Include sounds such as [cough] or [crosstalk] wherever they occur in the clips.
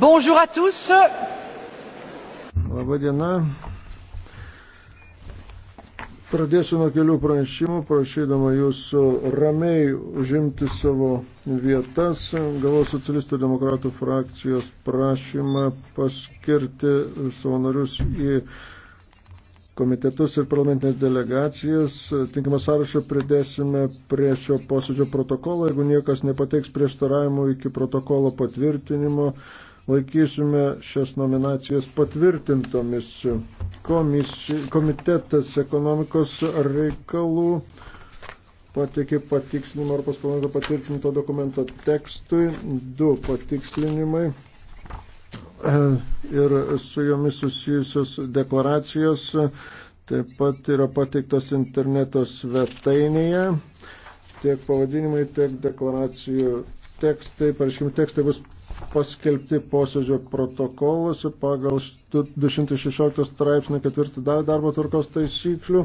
Bonjour à tous. Labą dieną. Pradėsiu nuo kelių pranešimų, prašydama jūsų ramiai užimti savo vietas. Gavau socialistų demokratų frakcijos prašymą paskirti savo narius į komitetus ir parlamentinės delegacijas. Tinkamą sąrašą pridėsime prie šio posėdžio protokolo. Jeigu niekas nepateiks prieštaravimų iki protokolo patvirtinimo, laikysime šias nominacijas patvirtintomis. Komisi, komitetas ekonomikos reikalų pateikė patikslinimą Europos parlamento patvirtinto dokumento tekstui. Du patikslinimai ir su jomis susijusios deklaracijos taip pat yra pateiktos interneto svetainėje. Tiek pavadinimai, tiek deklaracijų tekstai, pareiškimų tekstai bus paskelbti posėdžio protokolus pagal 216 straipsnį 4 dalį darbo tvarkos taisyklių.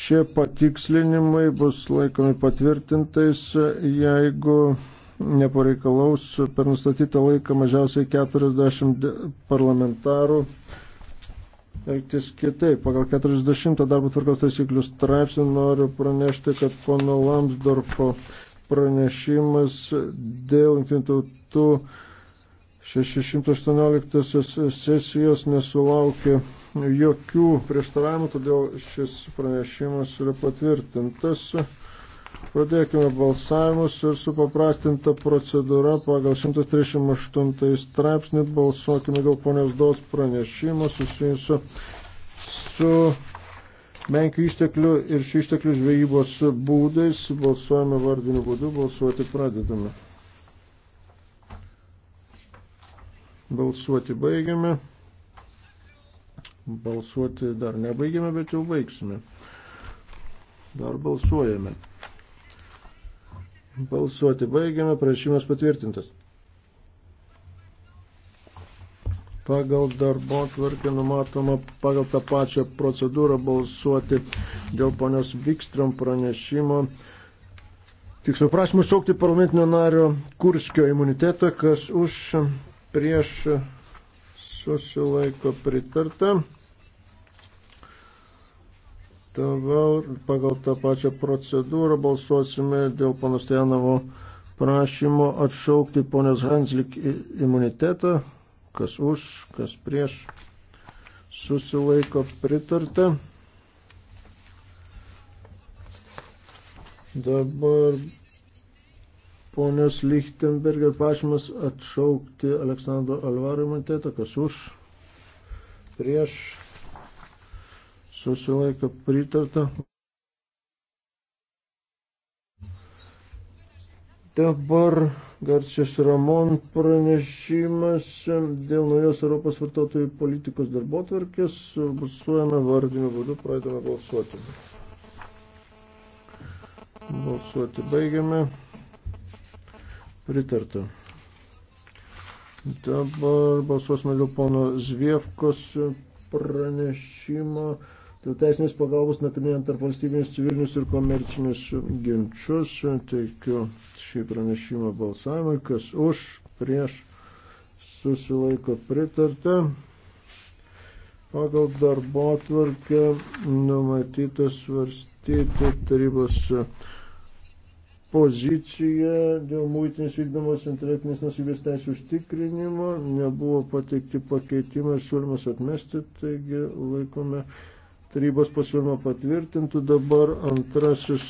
Šie patikslinimai bus laikomi patvirtintais, jeigu nepareikalaus per nustatytą laiką mažiausiai 40 parlamentarų elgtis kitaip. Pagal 40 darbo tvarkos taisyklių straipsnį noriu pranešti, kad pono Lamsdorfo pranešimas dėl jungtinių tautų 618 sesijos nesulaukė jokių prieštaravimų, todėl šis pranešimas yra patvirtintas. Pradėkime balsavimus ir supaprastinta procedūra pagal 138 straipsnį balsuokime dėl ponios Dos pranešimo susijusio su menkių išteklių ir šių išteklių žvejybos būdais. Balsuojame vardiniu būdu, balsuoti pradedame. Balsuoti baigiame. Balsuoti dar nebaigiame, bet jau baigsime. Dar balsuojame. Balsuoti baigiame, prašymas patvirtintas. pagal darbo tvarkę numatoma pagal tą pačią procedūrą balsuoti dėl ponios Vikstrom pranešimo. Tiksliau prašymų šaukti parlamentinio nario Kurskio imunitetą, kas už prieš susilaiko pritarta. Dabar pagal tą pačią procedūrą balsuosime dėl panostejanovo prašymo atšaukti ponios Hanslik imunitetą kas už, kas prieš, susilaiko pritarta. Dabar ponios Lichtenberger prašymas atšaukti Aleksandro Alvaro imunitetą, kas už, prieš, susilaiko pritarta. Dabar Garčias Ramon pranešimas dėl naujos Europos vartotojų politikos darbotvarkės. Balsuojame vardiniu būdu, pradedame balsuoti. Balsuoti baigiame. Pritarta. Dabar balsuosime dėl pono Zviefkos pranešimo. Dėl teisinės pagalbos nagrinėjant tarp valstybinius civilinius ir komercinius ginčius teikiu šį pranešimą balsavimui, kas už, prieš, susilaiko pritarta. Pagal darbo tvarkę numatytas svarstyti tarybos poziciją dėl mūtinės vykdomos intelektinės nusibės teisų užtikrinimo. Nebuvo pateikti pakeitimai ir siūlymas atmesti, taigi laikome tarybos pasiūlymą patvirtintų. Dabar antrasis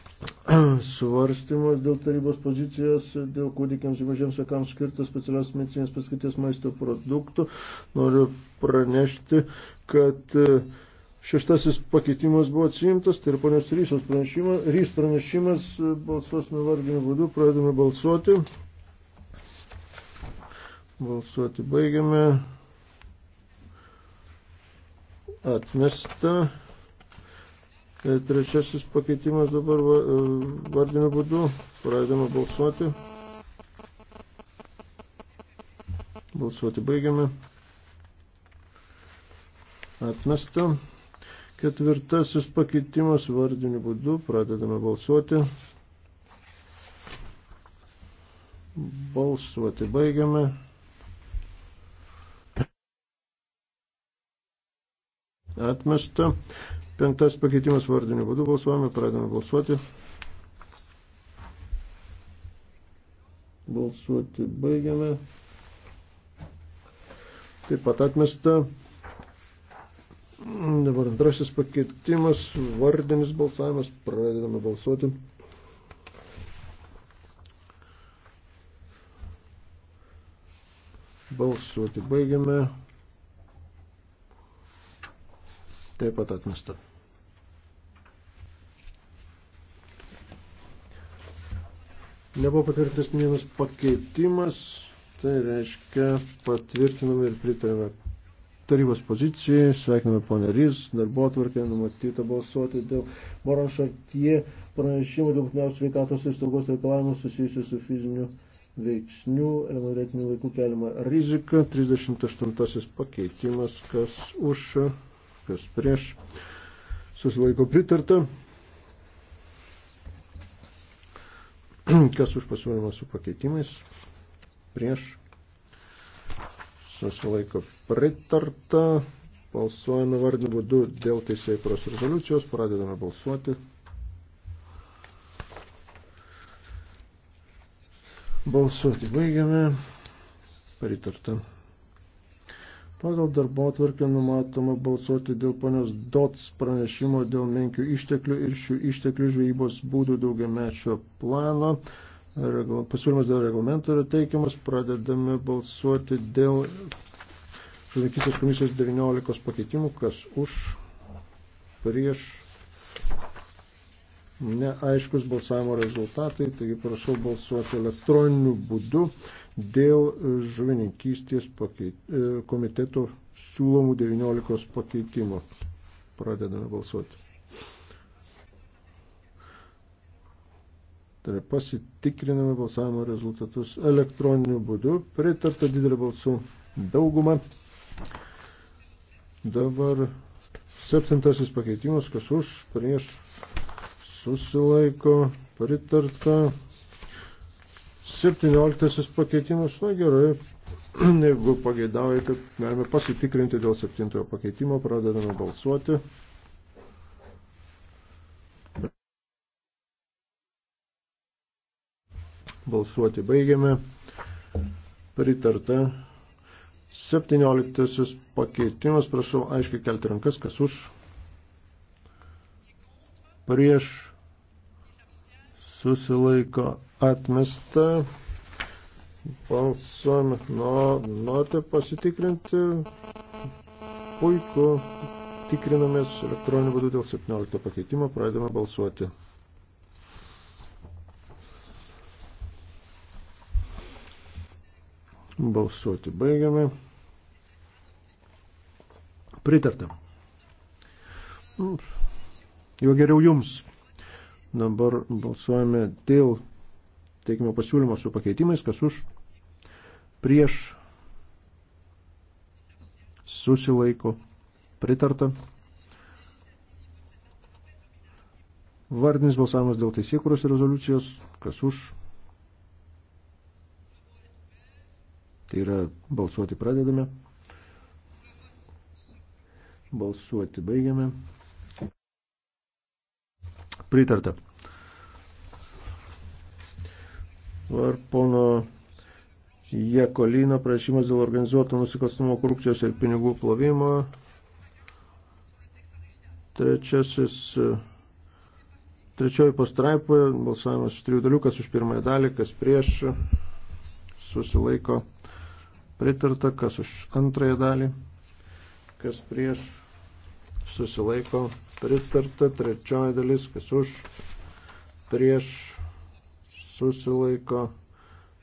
[clears throat] svarstymas dėl tarybos pozicijos, dėl kūdikiams ir mažiems akams skirtas specialios medicinės paskirties maisto produktų. Noriu pranešti, kad e, šeštasis pakeitimas buvo atsiimtas, tai ir ponės Rysos pranešimas, Rys pranešimas e, balsuosime vardiniu būdu, pradedame balsuoti. Balsuoti baigiame atmesta. E, trečiasis pakeitimas dabar e, vardiniu būdu. Pradedame balsuoti. Balsuoti baigiame. Atmesta. Ketvirtasis pakeitimas vardiniu būdu. Pradedame balsuoti. Balsuoti baigiame. atmesta. Penktas pakeitimas vardiniu būdu balsuojame, pradedame balsuoti. Balsuoti baigiame. Taip pat atmesta. Dabar antrasis pakeitimas, vardinis balsavimas, pradedame balsuoti. Balsuoti baigiame. Taip pat atmesta. Nebuvo patvirtintas vienas pakeitimas, tai reiškia patvirtiname ir pritarėme tarybos pozicijai, sveikiname ponę Rys, darbo atvarkė numatyta balsuoti dėl Moran Šartie pranešimo dėl būtiniausių sveikatos ir saugos reikalavimų susijusių su fiziniu veiksniu, elemoretinių laikų keliama rizika, 38 pakeitimas, kas už kas prieš, susilaiko pritarta, [clears throat] kas už pasiūlymą su pakeitimais, prieš, susilaiko pritarta, balsuojame vardiniu būdu dėl teisėjų pros rezoliucijos, pradedame balsuoti. Balsuoti baigiame. Pritarta. Pagal darbo atvarkę numatoma balsuoti dėl ponios DOTS pranešimo dėl menkių išteklių ir šių išteklių žvejybos būdų daugiamečio plano. Regla, pasiūlymas dėl reglamento yra teikiamas. Pradedame balsuoti dėl žuvininkystės komisijos 19 pakeitimų, kas už, prieš, neaiškus balsavimo rezultatai, taigi prašau balsuoti elektroniniu būdu dėl e, žuvininkystės pakeit, e, komiteto siūlomų 19 pakeitimų. Pradedame balsuoti. Tai pasitikriname balsavimo rezultatus elektroniniu būdu, pritarta didelį balsų daugumą. Dabar septintasis pakeitimas, kas už, prieš susilaiko, pritarta. 17 pakeitimas, na gerai, [clears throat] jeigu pageidaujate, galime pasitikrinti dėl 7 pakeitimo, pradedame balsuoti. Balsuoti baigiame. Pritarta. 17 pakeitimas, prašau aiškiai kelti rankas, kas už prieš susilaiko atmesta. Balsuojame, no, norite pasitikrinti, puiku, tikrinamės elektroniniu būdu dėl 17 pakeitimo, pradedame balsuoti. Balsuoti baigiame. Pritartam. Jau geriau jums. Dabar balsuojame dėl teikimo pasiūlymo su pakeitimais, kas už prieš susilaiko pritarta. Vardinis balsavimas dėl teisėkūros rezoliucijos, kas už. Tai yra balsuoti pradedame. Balsuoti baigiame. Pritarta. Ar pono Jekolino prašymas dėl organizuoto nusikalstamo korupcijos ir pinigų plovimo. Trečiasis, trečioji pastraipoje, balsavimas iš trijų dalių, kas už pirmąją dalį, kas prieš, susilaiko pritarta, kas už antrąją dalį, kas prieš, susilaiko pritarta, trečioji dalis, kas už, prieš, susilaiko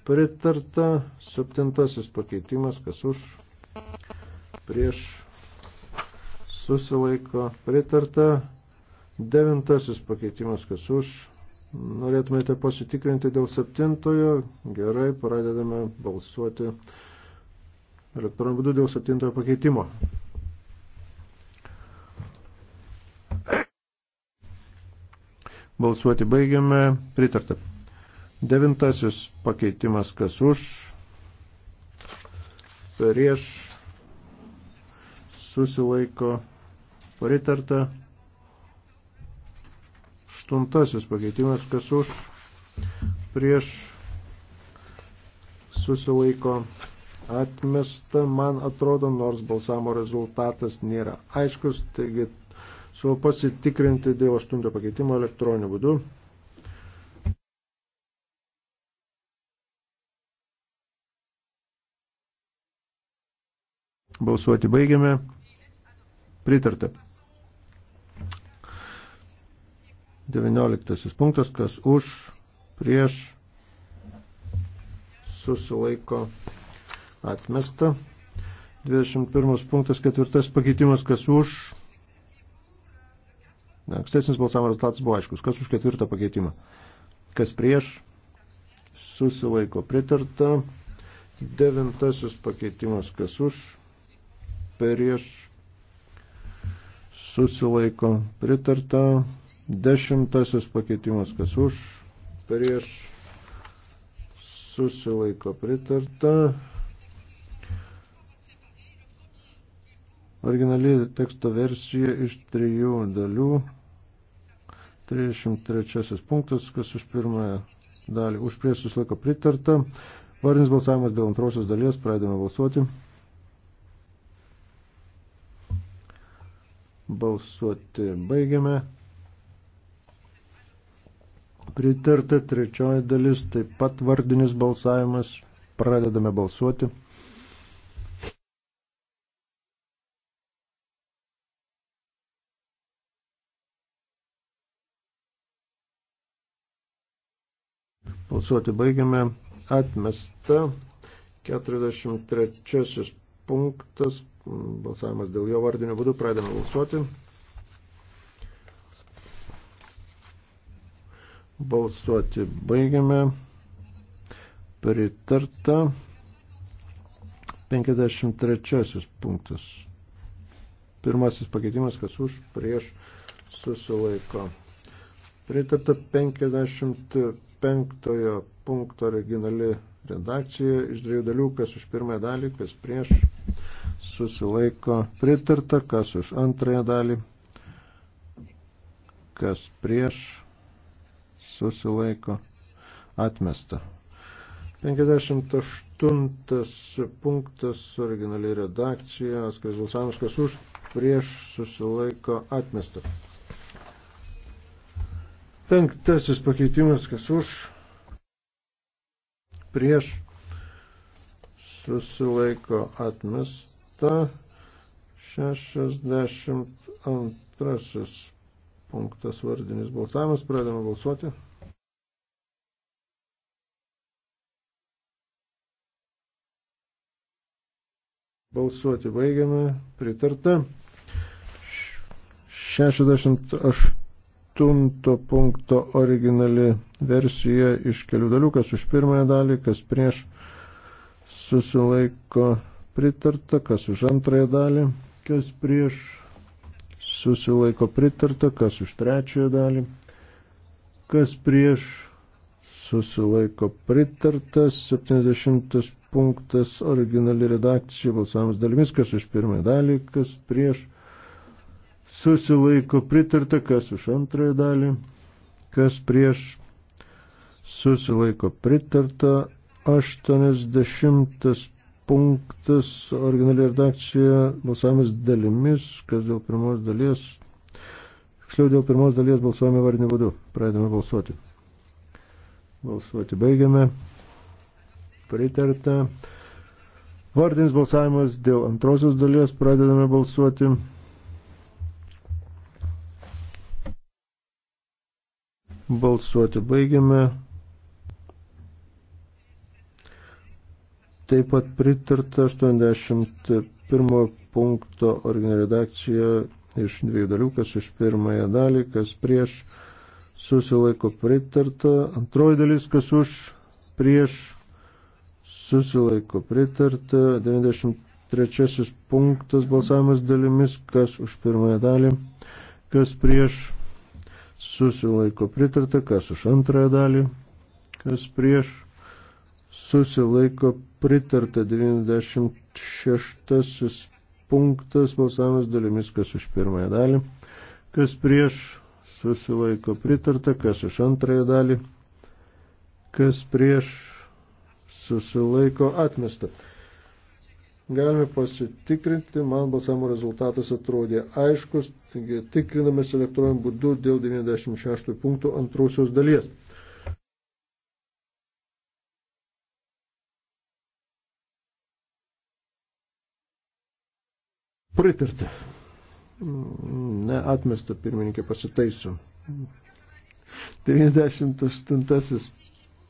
pritarta. Septintasis pakeitimas, kas už, prieš, susilaiko pritarta. Devintasis pakeitimas, kas už. Norėtumėte pasitikrinti dėl septintojo. Gerai, pradedame balsuoti elektroniniu būdu dėl septintojo pakeitimo. Balsuoti baigiame. Pritarta. Devintasis pakeitimas kas už, prieš, susilaiko, pritarta. Aštuntasis pakeitimas kas už, prieš, susilaiko, atmesta, man atrodo, nors balsamo rezultatas nėra aiškus, taigi siūlau pasitikrinti dėl aštunto pakeitimo elektroniniu būdu. Balsuoti baigiame. Pritarta. 19 punktas, kas už, prieš, susilaiko atmesta. 21 punktas, ketvirtas pakeitimas, kas už. Na, ankstesnis balsavimo rezultatas buvo aiškus. Kas už ketvirtą pakeitimą? Kas prieš? Susilaiko pritarta. Devintasis pakeitimas, kas už prieš susilaiko pritarta. Dešimtasis pakeitimas, kas už, prieš susilaiko pritarta. Originali teksto versija iš trijų dalių. 33 punktas, kas už pirmąją dalį, už prieš susilaiko pritarta. Vardinis balsavimas dėl antrosios dalies, pradėjome balsuoti. Balsuoti baigiame. Pritarta trečioji dalis, taip pat vardinis balsavimas. Pradedame balsuoti. Balsuoti baigiame. Atmesta 43 punktas Balsavimas dėl jo vardinio būdu. Pradame balsuoti. Balsuoti baigiame. Pritarta. 53 punktas. Pirmasis pakeitimas, kas už, prieš, susilaiko. Pritarta 55 punkto originali redakcija iš dviejų dalių, kas už pirmąją dalį, kas prieš, susilaiko pritarta, kas už antrąją dalį, kas prieš susilaiko atmesta. 58 punktas originaliai redakcija, atskiris balsavimas, kas už prieš susilaiko atmesta. Penktasis pakeitimas, kas už prieš susilaiko atmesta atmesta. 62 punktas vardinis balsavimas. Pradėjome balsuoti. Balsuoti baigiame. Pritarta. 68 punkto originali versija iš kelių dalių, kas už pirmąją dalį, kas prieš susilaiko pritarta, kas už antrąją dalį, kas prieš susilaiko pritarta, kas už trečiąją dalį, kas prieš susilaiko pritartas, 70 punktas originali redakcija balsavimas dalimis, kas už pirmąją dalį, kas prieš susilaiko pritarta, kas už antrąją dalį, kas prieš susilaiko pritarta, 80 punktas originaliai redakcija balsavimas dalimis, kas dėl pirmos dalies, tiksliau dėl pirmos dalies balsuojame varinį būdu. Pradedame balsuoti. Balsuoti baigiame. Pritarta. Vardinis balsavimas dėl antrosios dalies. Pradedame balsuoti. Balsuoti baigiame. Taip pat pritarta 81 punkto originė redakcija iš dviejų dalių, kas už pirmąją dalį, kas prieš susilaiko pritarta, antroji dalis, kas už prieš susilaiko pritarta, 93 punktas balsavimas dalimis, kas už pirmąją dalį, kas prieš susilaiko pritarta, kas už antrąją dalį, kas prieš susilaiko pritarta 96 punktas balsavimas dalimis, kas už pirmąją dalį, kas prieš susilaiko pritarta, kas už antrąją dalį, kas prieš susilaiko atmesta. Galime pasitikrinti, man balsavimo rezultatas atrodė aiškus, taigi tikrinamės elektroniniu būdu dėl 96 punktų antrosios dalies. Pritarta. Ne, atmesta pirmininkė pasitaiso. 98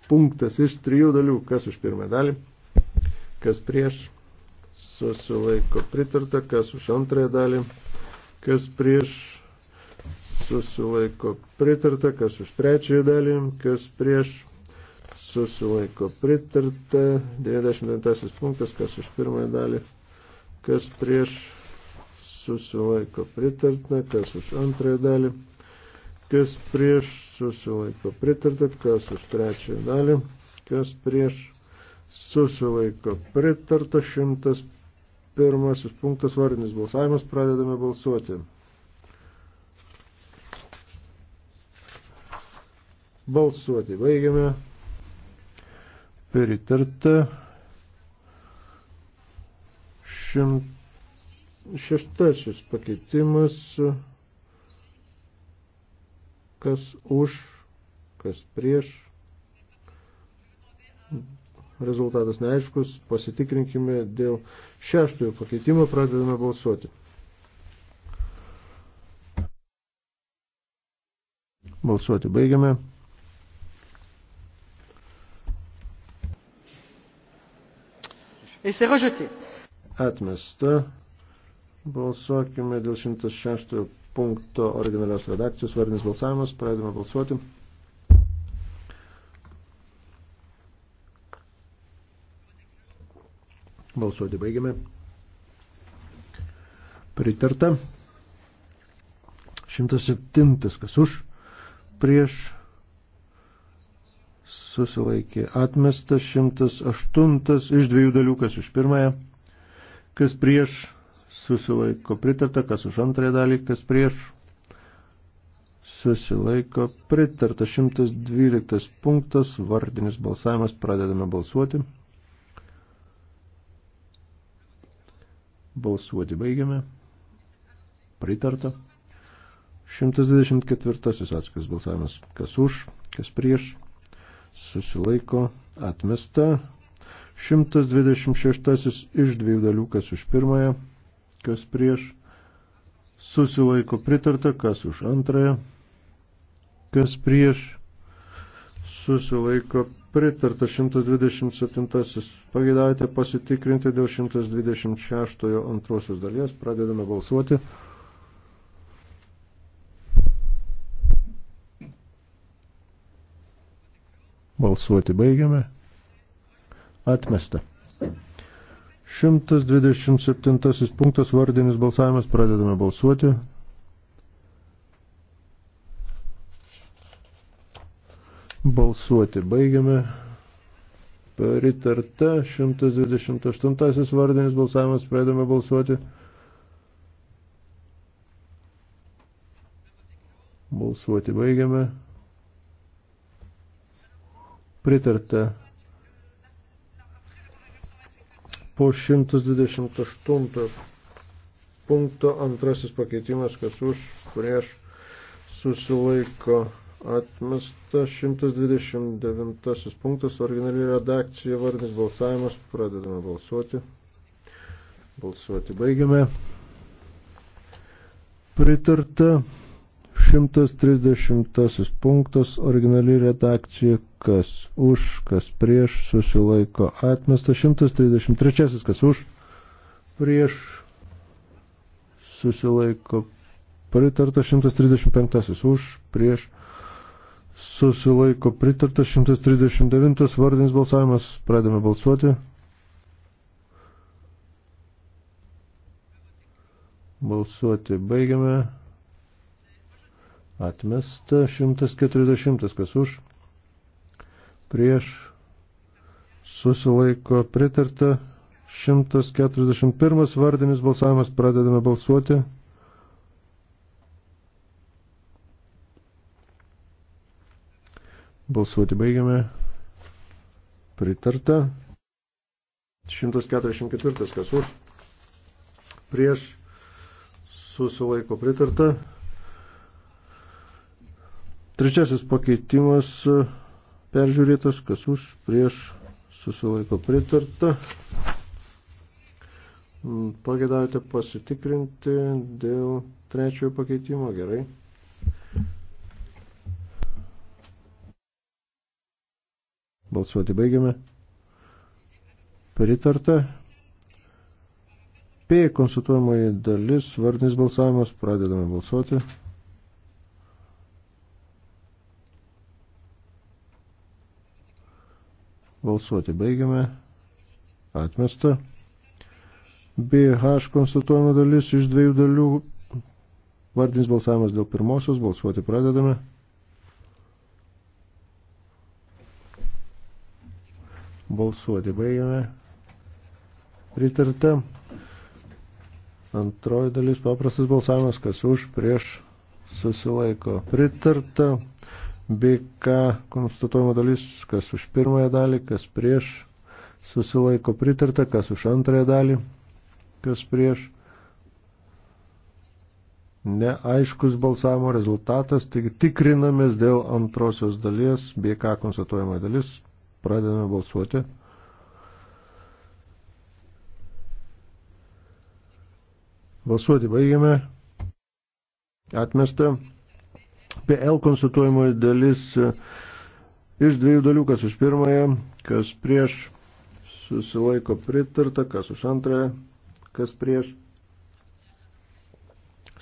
punktas iš trijų dalių. Kas už pirmą dalį, kas prieš, susilaiko pritarta, kas už antrąją dalį, kas prieš, susilaiko pritarta, kas už trečiąją dalį, kas prieš, susilaiko pritarta. 99 punktas, kas už pirmąją dalį, kas prieš, susilaiko pritartina, kas už antrąją dalį, kas prieš susilaiko pritartina, kas už trečiąją dalį, kas prieš susilaiko pritarta šimtas pirmasis punktas varinis balsavimas, pradedame balsuoti. Balsuoti baigiame. Pritarta 100. Šeštasis pakeitimas, kas už, kas prieš. Rezultatas neaiškus, pasitikrinkime dėl šeštojo pakeitimo, pradedame balsuoti. Balsuoti baigiame. Et c'est rejeté. Atmesta. Balsuokime dėl 106 punkto originalios redakcijos. Vardinis balsavimas. Pradedame balsuoti. Balsuoti baigiame. Pritarta. 107. Kas už? Prieš susilaikė. Atmestas 108 iš dviejų dalių, kas už pirmąją, kas prieš susilaiko pritarta, kas už antrąją dalį, kas prieš, susilaiko pritarta. 112 punktas, vardinis balsavimas, pradedame balsuoti. Balsuoti baigiame. Pritarta. 124 atskiras balsavimas. Kas už, kas prieš, susilaiko, atmesta. 126 iš dviejų dalių, kas už pirmąją, kas prieš, susilaiko pritarta, kas už antrąją, kas prieš, susilaiko pritarta 127. Pagėdavote pasitikrinti dėl 126 antrosios dalies, pradedame balsuoti. Balsuoti baigiame. Atmesta. 127 punktas vardinis balsavimas, pradedame balsuoti. Balsuoti baigiame. Pritarta 128 vardinis balsavimas, pradedame balsuoti. Balsuoti baigiame. Pritarta po 128 punkto antrasis pakeitimas, kas už, prieš susilaiko atmesta 129 punktas, originali redakcija, vardinis balsavimas, pradedame balsuoti. Balsuoti baigiame. Pritarta 130 punktas, originali redakcija, kas už, kas prieš, susilaiko atmesta. 133, kas už, prieš, susilaiko pritarta. 135, už, prieš, susilaiko pritarta. 139, vardinis balsavimas, pradėme balsuoti. Balsuoti baigiame. Atmesta 140, kas už, prieš susilaiko pritarta 141 vardinis balsavimas pradedame balsuoti. Balsuoti baigiame. Pritarta. 144 kas už. Prieš susilaiko pritarta. Trečiasis pakeitimas peržiūrėtas, kas už, prieš, susilaiko pritarta. Mm, pagėdavote pasitikrinti dėl trečiojo pakeitimo, gerai. Balsuoti baigiame. Pritarta. P konsultuojamoji dalis, vardinis balsavimas, pradedame balsuoti. Balsuoti baigiame. Atmesta. BH konstatuojama dalis iš dviejų dalių. Vardinis balsavimas dėl pirmosios. Balsuoti pradedame. Balsuoti baigiame. Pritarta. Antroji dalis paprastas balsavimas, kas už, prieš, susilaiko. Pritarta. BK konstatuojama dalis, kas už pirmąją dalį, kas prieš, susilaiko pritarta, kas už antrąją dalį, kas prieš. Neaiškus balsavimo rezultatas, taigi tikrinamės dėl antrosios dalies, BK konstatuojama dalis, pradedame balsuoti. Balsuoti baigiame. Atmesta. PL konstatuojamoji dalis e, iš dviejų dalių, kas už pirmąją, kas prieš, susilaiko pritarta, kas už antrąją, kas prieš,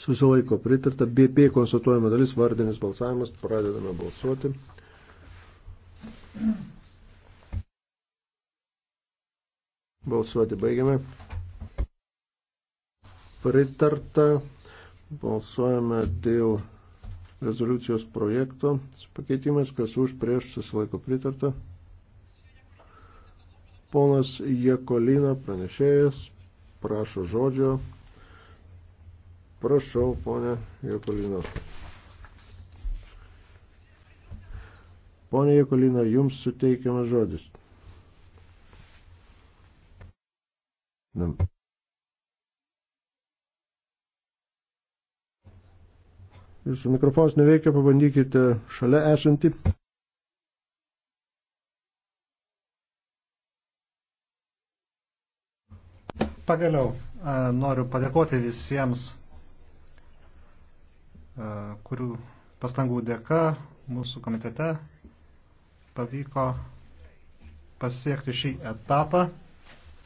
susilaiko pritarta, BP konstatuojama dalis, vardinis balsavimas, pradedame balsuoti. Balsuoti baigiame. Pritarta. Balsuojame dėl rezoliucijos projekto su pakeitimais, kas už prieš susilaiko pritarta. Ponas Jekolina, pranešėjas, prašo žodžio. Prašau, ponė Jekolina. Pone Jekolina, jums suteikiamas žodis. Dam. Jūsų mikrofonas neveikia, pabandykite šalia esantį. Pagaliau noriu padėkoti visiems, kurių pastangų dėka mūsų komitete pavyko pasiekti šį etapą.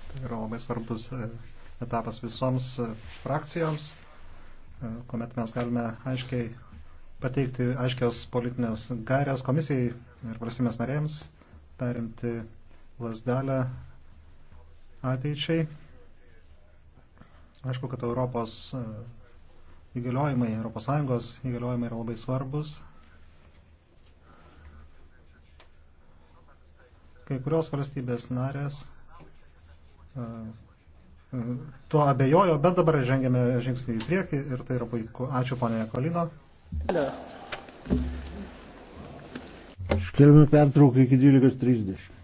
Tai yra labai svarbus e, etapas visoms e, frakcijoms kuomet mes galime aiškiai pateikti aiškios politinės gairias komisijai ir valstybės narėms, perimti lasdelę ateičiai. Aišku, kad Europos e, įgaliojimai, ES įgaliojimai yra labai svarbus. Kai kurios valstybės narės e, tuo abejojo, bet dabar žengėme žingsnį į priekį ir tai yra puiku. Ačiū ponė Kolino. Skelbime pertrauką iki 12.30.